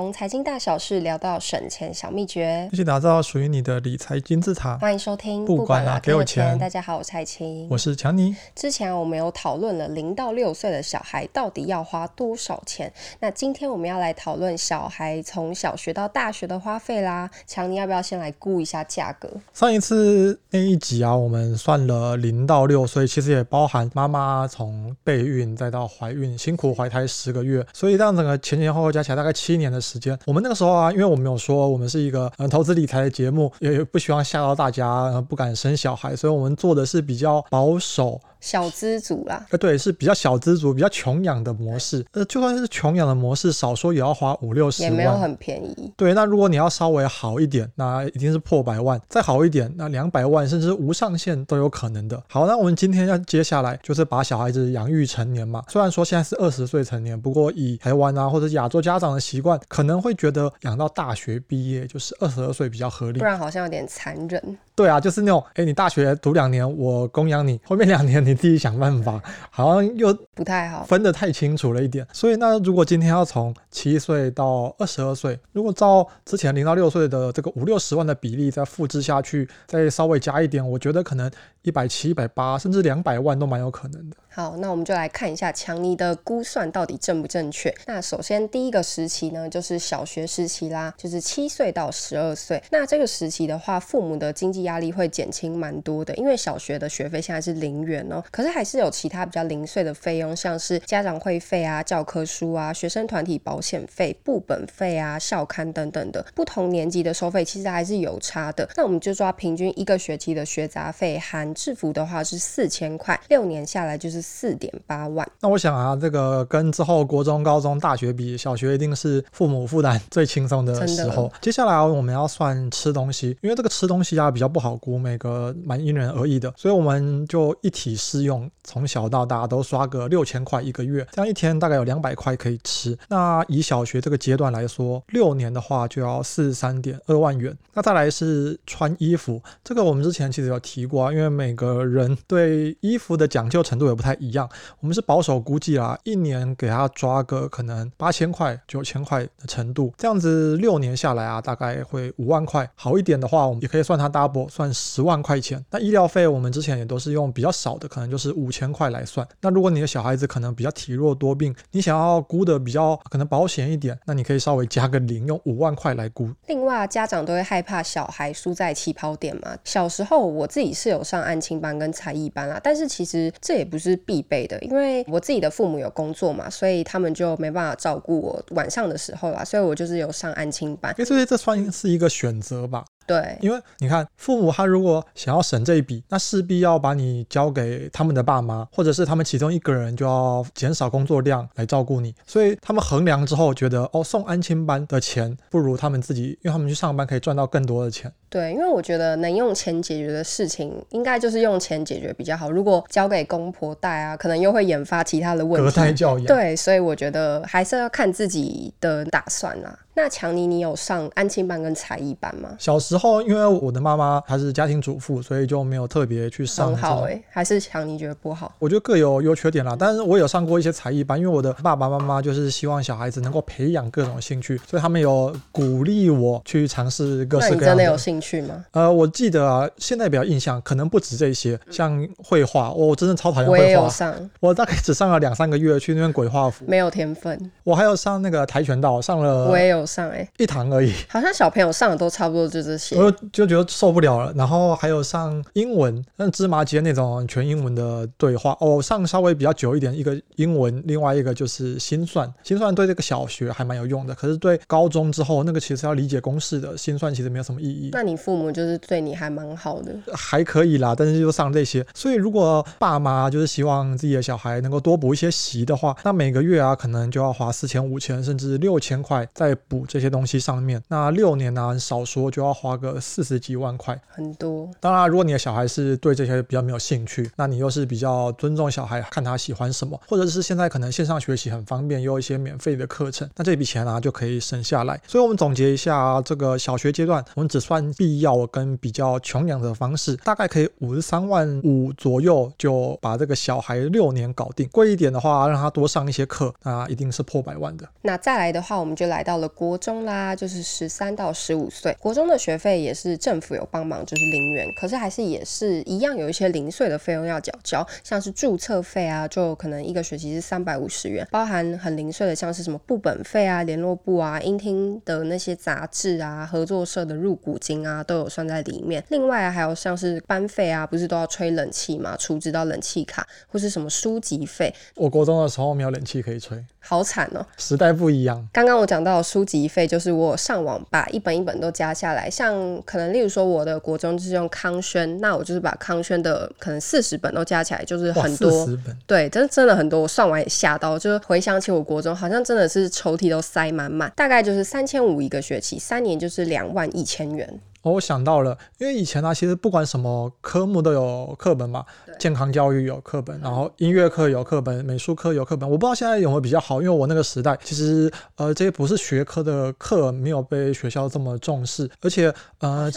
從財經大小事聊到省錢小祕訣，一起打造屬於你的理財金字塔。歡迎收聽，不管哪、啊啊、給我錢。大家好，我是海晴，我是強尼。之前我們有討論了零到六歲的小孩到底要花多少錢，那今天我們要來討論小孩從小學到大學的花費啦。強尼，要不要先來估一下價格？上一次那一集啊，我們算了零到六歲，其實也包含媽媽從備孕再到懷孕，辛苦懷胎十個月，所以這樣整個前前後後加起來大概七年的時間，我們那個時候啊，因為我們有說我們是一個、嗯、投資理財的節目，也不希望嚇到大家、嗯，不敢生小孩，所以我們做的是比較保守小資族啦，呃，對，是比較小資族，比較窮養的模式。呃，就算是窮養的模式，少說也要花五六十萬，也沒有很便宜。對，那如果你要稍微好一點，那一定是破百萬。再好一點，那兩百萬甚至無上限都有可能的。好，那我們今天要接下來就是把小孩子養育成年嘛。雖然說現在是二十歲成年，不過以台灣啊或者亞洲家長的習慣，可能會覺得養到大學畢業就是二十二歲比較合理。不然好像有點殘忍。對啊，就是那種，哎、欸，你大學讀兩年，我供養你，後面兩年你。你自己想辦法，好像又不太好，分得太清楚了一點。所以，那如果今天要從七歲到二十二歲，如果照之前零到六歲的這個五六十萬的比例再複製下去，再稍微加一點，我覺得可能。一百七、一百八，甚至兩百萬都蠻有可能的。好，那我們就來看一下強尼的估算到底正不正確。那首先第一個時期呢，就是小學時期啦，就是七歲到十二歲。那這個時期的話，父母的經濟壓力會減輕蠻多的，因為小學的學費現在是零元哦、喔。可是還是有其他比較零碎的費用，像是家長會費啊、教科書啊、學生團體保險費、簿本費啊、校刊等等的。不同年級的收費其實還是有差的。那我們就抓平均一個學期的學雜費和。制服的話是四千塊，六年下來就是四點八萬。那我想啊，這個跟之後國中、高中、大學比，小學一定是父母負擔最輕鬆的時候。接下來啊，我們要算吃東西，因為這個吃東西啊比較不好估，每個蠻因人而異的，所以我們就一體適用，從小到大都刷個六千塊一個月，這樣一天大概有兩百塊可以吃。那以小學這個階段來說，六年的話就要四十三點二萬元。那再來是穿衣服，這個我們之前其實有提過啊，因為。每個人對衣服的講究程度也不太一樣，我們是保守估計啦、啊，一年給他抓個可能八千塊、九千塊的程度，這樣子六年下來啊，大概會五萬塊。好一點的話，我們也可以算他 double 算十萬塊錢。那醫療費我們之前也都是用比較少的，可能就是五千塊來算。那如果你的小孩子可能比較體弱多病，你想要估的比較可能保險一點，那你可以稍微加個零，用五萬塊來估。另外，家長都會害怕小孩輸在起跑點嘛。小時候我自己是有上。安親班跟才藝班啦，但是其實這也不是必備的，因為我自己的父母有工作嘛，所以他們就沒辦法照顧我晚上的時候啦，所以我就是有上安親班、欸。所以這算是一個選擇吧。對，因為你看，父母他如果想要省這一筆，那勢必要把你交給他們的爸媽，或者是他們其中一個人就要減少工作量來照顧你，所以他們衡量之後覺得，哦，送安親班的錢不如他們自己，因為他們去上班可以賺到更多的錢。對，因為我覺得能用錢解決的事情，應該就是用錢解決比較好。如果交給公婆帶啊，可能又會引發其他的問題。隔代教養。對，所以我覺得還是要看自己的打算啊。那強尼，你有上安親班跟才藝班嗎？小時候，因為我的媽媽還是家庭主婦，所以就沒有特別去上。很好哎、欸，還是強尼覺得不好？我覺得各有優缺點啦。但是，我有上過一些才藝班，因為我的爸爸媽媽就是希望小孩子能夠培養各種興趣，所以他們有鼓勵我去嘗試各式各樣的。真的有興趣嗎？呃，我記得啊，現在比較印象，可能不止這些，像繪畫，我真的超討厭繪畫。我也有上，我大概只上了兩三個月，去那邊鬼畫符，沒有天分。我還有上那個跆拳道，上了我也有。上哎、欸，一堂而已，好像小朋友上的都差不多就這些，我就就覺得受不了了。然後還有上英文，像芝麻街那種全英文的對話哦，上稍微比較久一點，一個英文，另外一個就是心算。心算對這個小學還蠻有用的，可是對高中之後那個其實要理解公式的心算其實沒有什麼意義。那你父母就是對你還蠻好的。還可以啦，但是就上這些。所以如果爸媽就是希望自己的小孩能夠多補一些習的話，那每個月啊可能就要花四千、五千甚至六千塊再補。這些東西上面，那六年呢、啊，少說就要花個四十幾萬塊，很多。當然，如果你的小孩是對這些比較沒有興趣，那你又是比較尊重小孩，看他喜歡什麼，或者是現在可能線上學習很方便，又有一些免費的課程，那這筆錢呢、啊、就可以省下來。所以我們總結一下，這個小學階段，我們只算必要跟比較窮養的方式，大概可以五十三萬五左右就把這個小孩六年搞定。貴一點的話，讓他多上一些課，那一定是破百萬的。那再來的話，我們就來到了。國中啦，就是十三到十五歲。國中的學費也是政府有幫忙，就是零元。可是還是也是一樣，有一些零碎的費用要繳交，像是註冊費啊，就可能一個學期是三百五十元，包含很零碎的，像是什麼簿本費啊、聯絡簿啊、英聽的那些雜誌啊、合作社的入股金啊，都有算在裡面。另外還有像是班費啊，不是都要吹冷氣嘛，儲值到冷氣卡，或是什麼書籍費。我國中的時候沒有冷氣可以吹，好慘哦、喔。時代不一樣。剛剛我講到書集費就是我上網把一本一本都加下來，像可能例如說我的國中就是用康軒，那我就是把康軒的可能四十本都加起來，就是很多，對，真的真的很多，我算完也嚇到，就是回想起我國中好像真的是抽屜都塞滿滿，大概就是三千五一個學期，三年就是兩萬一千元。哦，我想到了，因為以前啊，其實不管什麼科目都有課本嘛，健康教育有課本，然後音樂課有課本，美術課有課本。我不知道現在有沒有比較好，因為我那個時代，其實呃這些不是學科的課沒有被學校這麼重視，而且呃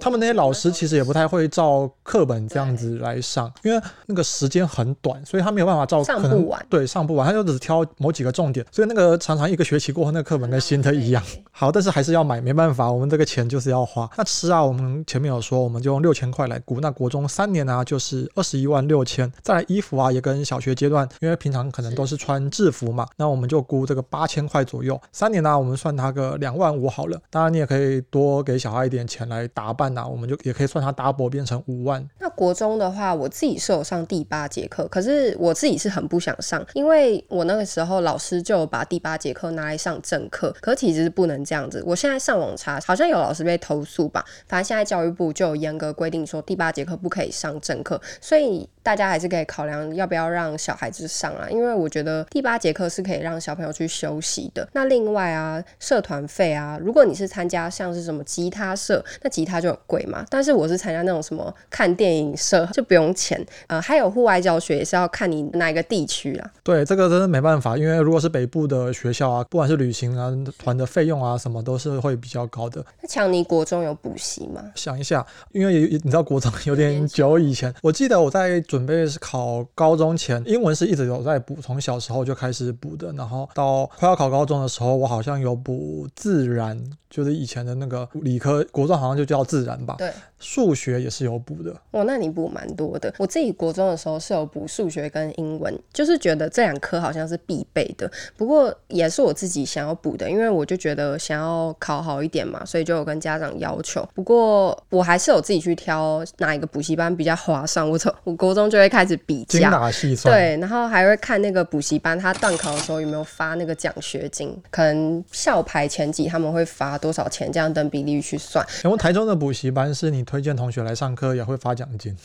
他們那些老師其實也不太會照課本這樣子來上，因為那個時間很短，所以他沒有辦法照，上不完，對，上不完，他就只挑某幾個重點，所以那個常常一個學期過後，那個課本跟新的一樣，好，但是還是要買，沒辦法，我們這個錢就是要花。吃啊，我們前面有說，我們就用六千塊來估。那國中三年呢、啊，就是二十一萬六千。再來衣服啊，也跟小學階段，因為平常可能都是穿制服嘛，那我們就估這個八千塊左右。三年呢、啊，我們算他個兩萬五好了。當然，你也可以多給小孩一點錢來打扮吶、啊，我們就也可以算他 double 變成五萬。那國中的話，我自己是有上第八節課，可是我自己是很不想上，因為我那個時候老師就把第八節課拿來上正課，可是其實是不能這樣子。我現在上網查，好像有老師被投訴，吧，反正現在教育部就有嚴格規定，說第八節課不可以上正課，所以。大家還是可以考量要不要讓小孩子上啊，因為我覺得第八節課是可以讓小朋友去休息的。那另外啊，社團費啊，如果你是參加像是什麼吉他社，那吉他就很貴嘛。但是我是參加那種什麼看電影社，就不用錢。呃，還有戶外教學也是要看你哪一個地區啦。對，這個真的沒辦法，因為如果是北部的學校啊，不管是旅行啊團的費用啊什麼，都是會比較高的。那強尼國中有補習嗎？想一下，因為也你知道國中有點久以前，我記得我在。準備是考高中前，英文是一直有在補，從小時候就開始補的。然後到快要考高中的時候，我好像有補自然，就是以前的那個理科，國中好像就叫自然吧。對。數學也是有補的。哦，那你補蠻多的。我自己國中的時候是有補數學跟英文，就是覺得這兩科好像是必備的，不過也是我自己想要補的，因為我就覺得想要考好一點嘛，所以就有跟家長要求。不過我還是有自己去挑哪一個補習班比較划算。我從我國中就會開始比較，精打細算，對，然後還會看那個補習班，他段考的時候有沒有發那個獎學金，可能校排前幾他們會發多少錢，這樣等比例去算。然後台中的補習班是你。推薦同學來上課，也會發獎金。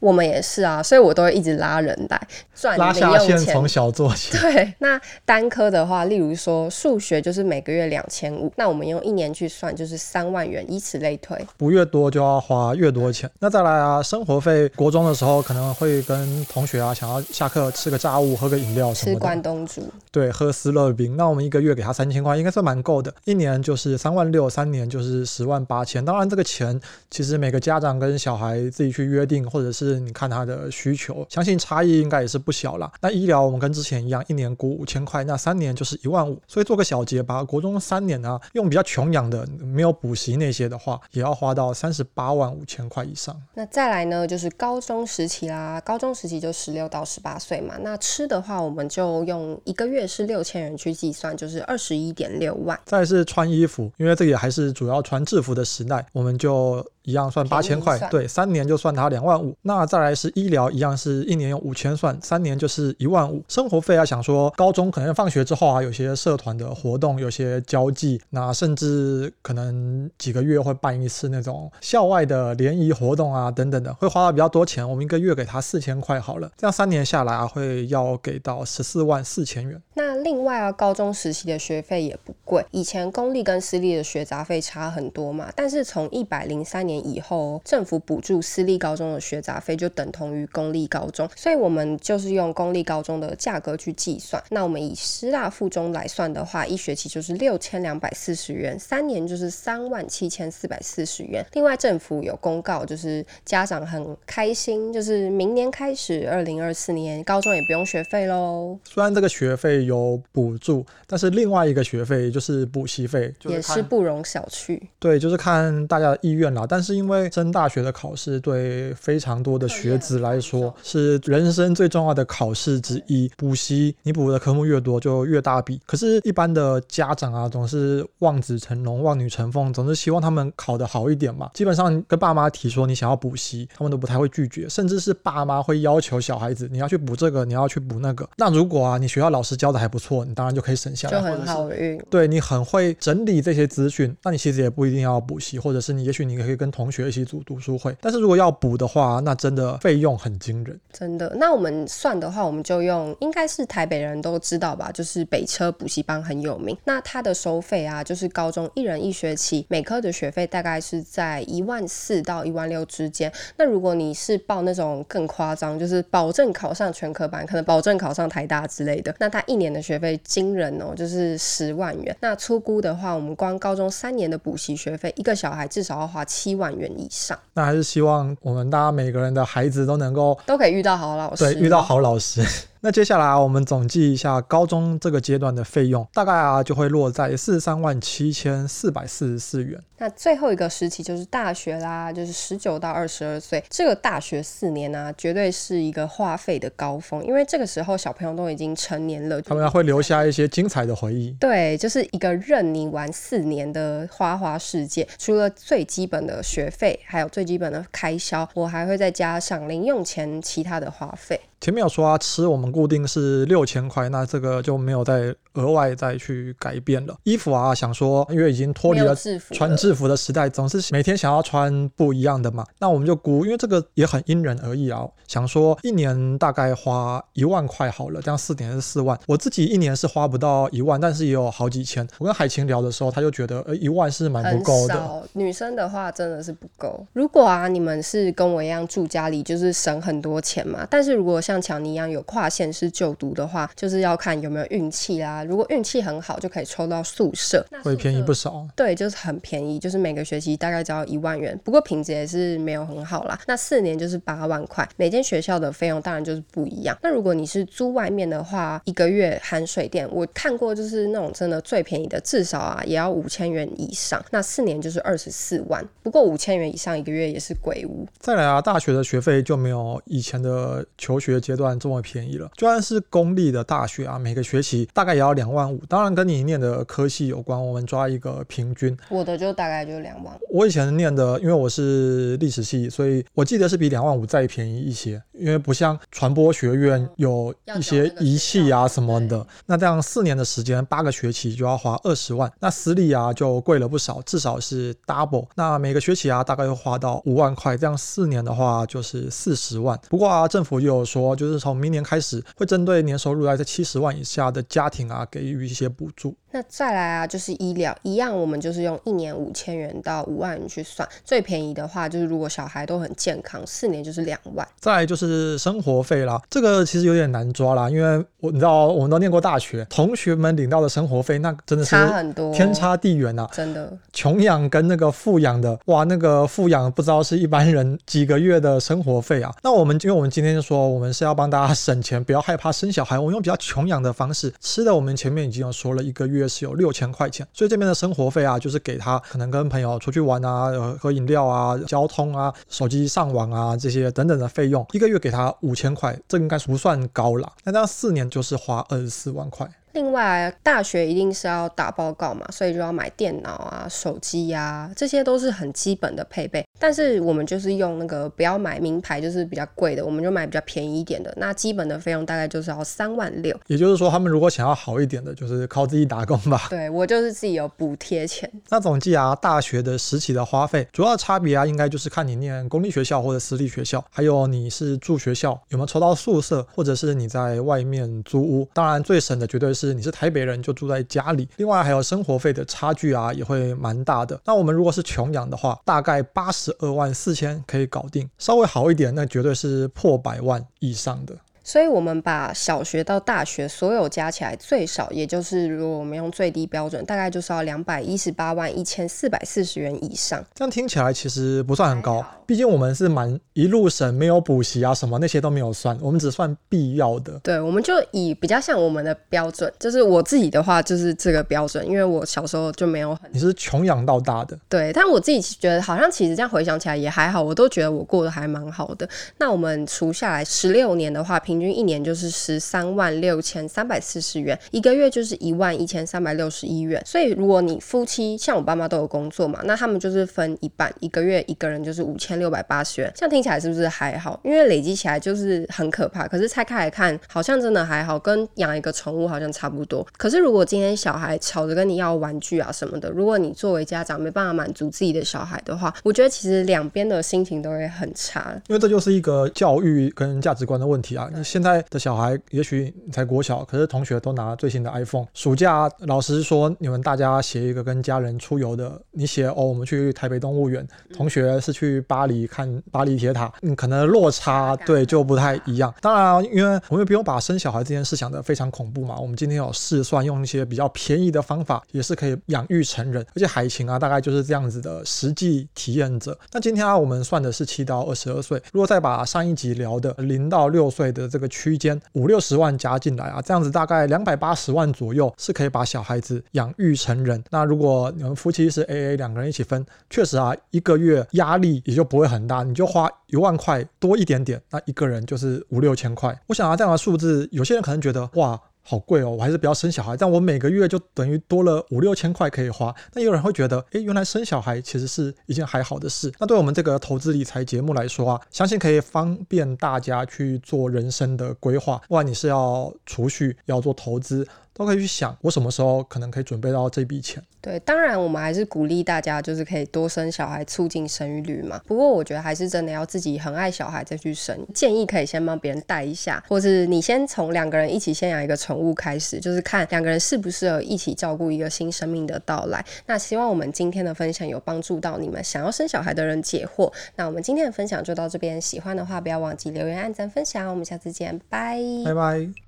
我們也是啊，所以我都會一直拉人來賺零用錢。拉下線從小做起。對，那單科的話，例如說數學，就是每個月兩千五，那我們用一年去算，就是三萬元，以此類推。不越多就要花越多錢。那再來啊，生活費，國中的時候可能會跟同學啊，想要下課吃個炸物、喝個飲料什麼的，吃關東煮，對，喝思樂冰。那我們一個月給他三千塊，應該算蠻夠的，一年就是三萬六，三年就是十萬八千。當然，這個錢其實每個家長跟小孩自己去約定，或者是。是，你看他的需求，相信差異應該也是不小啦。那醫療我們跟之前一樣，一年估五千塊，那三年就是一萬五。所以做個小結吧，國中三年啊，用比較窮養的，沒有補習那些的話，也要花到三十八萬五千塊以上。那再來呢，就是高中時期啦，高中時期就十六到十八歲嘛。那吃的話，我們就用一個月是六千元去計算，就是二十一點六萬。再來是穿衣服，因為這也還是主要穿制服的時代，我們就。一樣算八千塊，對，三年就算他兩萬五。那再來是醫療，一樣是一年用五千算，三年就是一萬五。生活費啊，想說高中可能放學之後啊，有些社團的活動，有些交際，那甚至可能幾個月會辦一次那種校外的聯誼活動啊，等等的，會花的比較多錢。我們一個月給他四千塊好了，這樣三年下來啊，會要給到十四萬四千元。那另外啊，高中時期的學費也不貴，以前公立跟私立的學雜費差很多嘛，但是從一百零三年。以後政府補助私立高中的學雜費，就等同於公立高中，所以我們就是用公立高中的價格去計算。那我們以師大附中來算的話，一學期就是六千兩百四十元，三年就是三萬七千四百四十元。另外，政府有公告，就是家長很開心，就是明年開始2024年，二零二四年高中也不用學費嘍。雖然這個學費有補助，但是另外一個學費就是補習費，就是、也是不容小覷。對，就是看大家的意願啦，但是。是因為升大學的考試對非常多的學子來說是人生最重要的考試之一。補習，你補的科目越多就越大筆。可是，一般的家長啊，總是望子成龍、望女成鳳，總是希望他們考得好一點嘛。基本上跟爸媽提說你想要補習，他們都不太會拒絕，甚至是爸媽會要求小孩子，你要去補這個，你要去補那個。那如果啊，你學校老師教的還不錯，你當然就可以省下來，就很好運。對，你很會整理這些資訊，那你其實也不一定要補習，或者是你也許你可以跟。同學一起組讀書會，但是如果要補的話，那真的費用很驚人。真的，那我們算的話，我們就用，應該是台北人都知道吧，就是北車補習班很有名。那它的收費啊，就是高中一人一學期每科的學費大概是在一萬四到一萬六之間。那如果你是報那種更誇張，就是保證考上全科班，可能保證考上台大之類的，那他一年的學費驚人哦，就是十萬元。那粗估的話，我們光高中三年的補習學費，一個小孩至少要花七。萬元以上，那還是希望我們大家每個人的孩子都能夠都可以遇到好老師，對，遇到好老師。那接下來、啊、我們總計一下高中這個階段的費用，大概啊就會落在四十三萬七千四百四十四元。那最後一個時期就是大學啦，就是十九到二十二歲這個大學四年呢、啊，絕對是一個花費的高峰，因為這個時候小朋友都已經成年了，他們會留下一些精彩的回憶。對，就是一個任你玩四年的花花世界，除了最基本的學費，還有最基本的開銷，我還會再加上零用錢，其他的花費。前面有說啊，吃我們固定是六千塊，那這個就沒有再額外再去改變了。衣服啊，想說因為已經脫離了穿制服的時代，總是每天想要穿不一樣的嘛。那我們就估，因為這個也很因人而異啊。想說一年大概花一萬塊好了，這樣四年是四萬。我自己一年是花不到一萬，但是也有好幾千。我跟海晴聊的時候，他就覺得呃一萬是蠻不夠的少。女生的話真的是不夠。如果啊，你們是跟我一樣住家裡，就是省很多錢嘛。但是如果想像強尼一樣有跨縣市就讀的話，就是要看有沒有運氣啦。如果運氣很好，就可以抽到宿舍，會便宜不少。對，就是很便宜，就是每個學期大概只要一萬元。不過品質也是沒有很好啦。那四年就是八萬塊。每間學校的費用當然就是不一樣。那如果你是租外面的話，一個月含水電，我看過就是那種真的最便宜的，至少啊也要五千元以上。那四年就是二十四萬。不過五千元以上一個月也是鬼屋。再來啊，大學的學費就沒有以前的求學階段這麼便宜了，就算是公立的大學啊，每個學期大概也要兩萬五。當然跟你念的科系有關，我們抓一個平均，我的就大概就兩萬。我以前念的，因為我是歷史系，所以我記得是比兩萬五再便宜一些。因為不像傳播學院有一些儀器啊什麼的，那這樣四年的時間八個學期就要花二十萬，那私立啊就貴了不少，至少是 double。那每個學期啊大概要花到五萬塊，這樣四年的話就是四十萬。不過啊，政府又有說，就是從明年開始會針對年收入在七十萬以下的家庭啊給予一些補助。那再來啊，就是醫療一樣，我們就是用一年五千元到五萬元去算，最便宜的話就是如果小孩都很健康，四年就是兩萬。再來就是生活費啦，這個其實有點難抓啦，因為我你知道，我們都念過大學，同學們領到的生活費那真的是差、啊、差很多，天差地遠啊，真的。窮養跟那個富養的，哇，那個富養不知道是一般人幾個月的生活費啊。那我們因為我們今天說我們是要幫大家省錢，不要害怕生小孩，我們用比較窮養的方式吃的，我們前面已經有說了一個月。月是有六千塊錢，所以這邊的生活費啊，就是給他可能跟朋友出去玩啊、喝飲料啊、交通啊、手機上網啊這些等等的費用，一個月給他五千塊，這應該不算高了。那這樣四年就是花二十四萬塊。另外，大學一定是要打報告嘛，所以就要買電腦啊、手機呀、啊，這些都是很基本的配備。但是我們就是用那個不要買名牌，就是比較貴的，我們就買比較便宜一點的。那基本的費用大概就是要三萬六。也就是說，他們如果想要好一點的，就是靠自己打工吧。對，我就是自己有補貼錢。那總計啊，大學的時期的花費，主要差別啊，應該就是看你念公立學校或者私立學校，還有你是住學校有沒有抽到宿舍，或者是你在外面租屋。當然最省的絕對是你是台北人就住在家裡。另外還有生活費的差距啊，也會蠻大的。那我們如果是窮養的話，大概八十。二萬四千可以搞定，稍微好一點，那絕對是破百萬以上的。所以，我們把小學到大學所有加起來，最少也就是，如果我們用最低標準，大概就是要兩百一十八萬一千四百四十元以上。這樣聽起來其實不算很高，畢、哎、竟我們是蠻一路省，沒有補習啊什麼那些都沒有算，我們只算必要的。對，我們就以比較像我們的標準，就是我自己的話，就是這個標準，因為我小時候就沒有很，你是窮養到大的。對，但我自己覺得好像其實這樣回想起來也還好，我都覺得我過得還蠻好的。那我們除下來十六年的話，平平均一年就是十三萬六千三百四十元，一個月就是一萬一千三百六十一元。所以如果你夫妻像我爸媽都有工作嘛，那他們就是分一半，一個月一個人就是五千六百八十元。這樣聽起來是不是還好？因為累積起來就是很可怕。可是拆開來看，好像真的還好，跟養一個寵物好像差不多。可是如果今天小孩吵着跟你要玩具啊什麼的，如果你作為家長沒辦法滿足自己的小孩的話，我覺得其實兩邊的心情都會很差。因為這就是一個教育跟價值觀的問題啊。現在的小孩也許你才國小，可是同學都拿了最新的 iPhone。暑假，啊、老師說你們大家寫一個跟家人出遊的，你寫哦，我們去台北動物園，同學是去巴黎看巴黎鐵塔，你，嗯、可能落差對就不太一樣。當然，啊，因為我們又不用把生小孩這件事想得非常恐怖嘛。我們今天有試算，用一些比較便宜的方法也是可以養育成人，而且海晴啊大概就是這樣子的實際體驗者。那今天啊我們算的是七到二十二歲，如果再把上一集聊的零到六歲的。這個區間五六十萬加進來啊，這樣子大概兩百八十萬左右，是可以把小孩子養育成人。那如果你們夫妻是 AA 兩個人一起分，確實啊，一個月壓力也就不會很大，你就花一萬塊多一點點，那一個人就是五六千塊。我想啊，這樣的數字，有些人可能覺得哇。好貴哦，我還是不要生小孩。但我每個月就等於多了五六千塊可以花。那有人會覺得，誒，原來生小孩其實是一件還好的事。那對我們這個投資理財節目來說啊，相信可以方便大家去做人生的規劃。不管你是要儲蓄，要做投資。都可以去想，我什麼時候可能可以準備到這筆錢？對，當然我們還是鼓勵大家，就是可以多生小孩，促進生育率嘛。不過我覺得還是真的要自己很愛小孩再去生。建議可以先幫別人帶一下，或是你先從兩個人一起先養一個寵物開始，就是看兩個人適不適合一起照顧一個新生命的到來。那希望我們今天的分享有幫助到你們想要生小孩的人解惑。那我們今天的分享就到這邊，喜歡的話不要忘記留言、按讚、分享。我們下次見，拜拜拜。Bye bye